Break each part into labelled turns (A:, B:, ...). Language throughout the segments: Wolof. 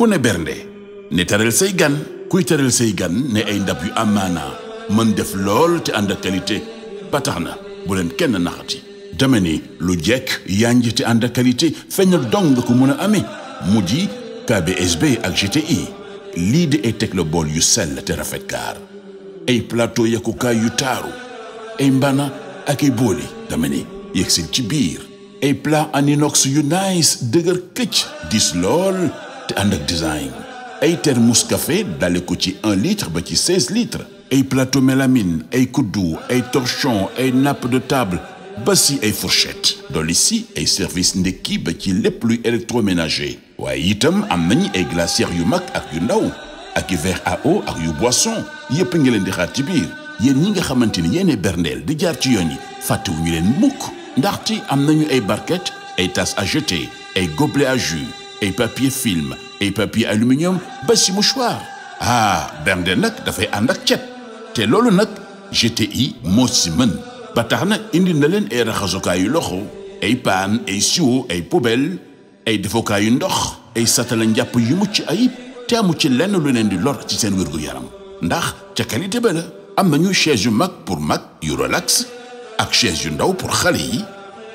A: ku ne bernde ne teral say gan kuy teral say gan ne ay ndab yu amaanaa mën def lool te ànd ak qualité ba tax na bu leen kenn naxati dama ni lu jekk yànj te ànd ak qualité feeñ ak nga ko mën a ame mu ji KBSB ak GTI lii di ay teg la bool yu sell te rafet ay plateau yakkukaay yu taaru ay mbana ak ay booli dama ni yegg ci biir ay plat en inox yu nice dëgër këcc dis lool te ànd ak design ay thermos café dale ko ci un litre ba ci 16 litres ay plateau mélamine ay kuddu ay torchon ay nappe de table ba si ay fourchette dolli si ay service ndekki ba ci lépp luy électroménager waaye itam am nañu ay glacières yu mag ak yu ndaw ak yu verre à eau ak yu boisson yépp ngi leen di xaar ci biir yéen ñi nga xamante ni yéene berndeel di jaar ci yoon yi fàttewu ñu leen mukk ndaxte am nañu ay barquettes ay tasses à jeter ay gobelets à ay papier film ay papier aluminium ba si mouchoir ah bernde nag dafay ànd ak cet te loolu nag GTI moo si mën ba tax na indi na leen ay raxasukaayu loxo ay paan ay siwo ay poubelle ay defukaayu ndox ay satala njàpp yu mucc ayib te amu ci lenn lu leen di lor ci seen wér yaram ndax ca qualité ba am nañu chaise yu mag pour mag yu relax ak chaise yu ndaw pour xale yi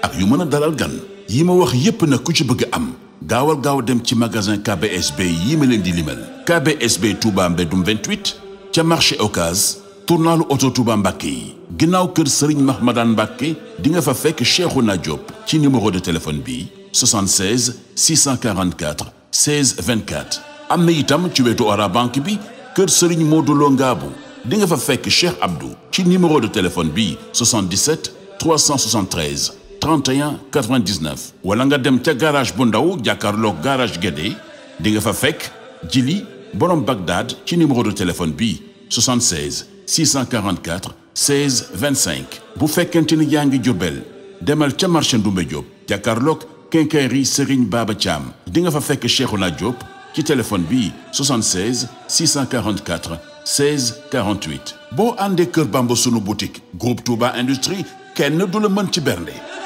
A: ak yu mën a dalal gan yi ma wax yépp nag ku ci bëgg am gaawal gaaw dem ci magasin KBSB yi ma leen di limal KBSB Touba Mbedum 28 ca marché Ocass tournalu oto Touba Mbàkke yi ginnaaw kër Serigne Mahmadan Mbàkke di nga fa fekk Cheikhouna Diop ci numéro de téléphone bi 76 644 16 24 am na itam ci wetu Orabank bi kër Serigne Modou Lo Ngaabu di nga fa fekk Cheikh Abdou ci numéro de téléphone bi 77 373 31 99 wala nga dem ca garage bu ndaw jàkkaarloog garaj Guédé di nga fa fekk Jili borom Bagdad ci numéro de téléphone bi 76 644 16 25 bu fekkente ni yaa ngi Jurbel demal ca marché Ndoumbé Diop jàkkaarloog quincaillerie Serigne Baba Thiam di nga fa fekk Cheikhouna Diop ci téléphone bi 76 644 16 boo àndee Kër Bamba sunu boutique groupe Touba Industrie kenn du la mën ci bernde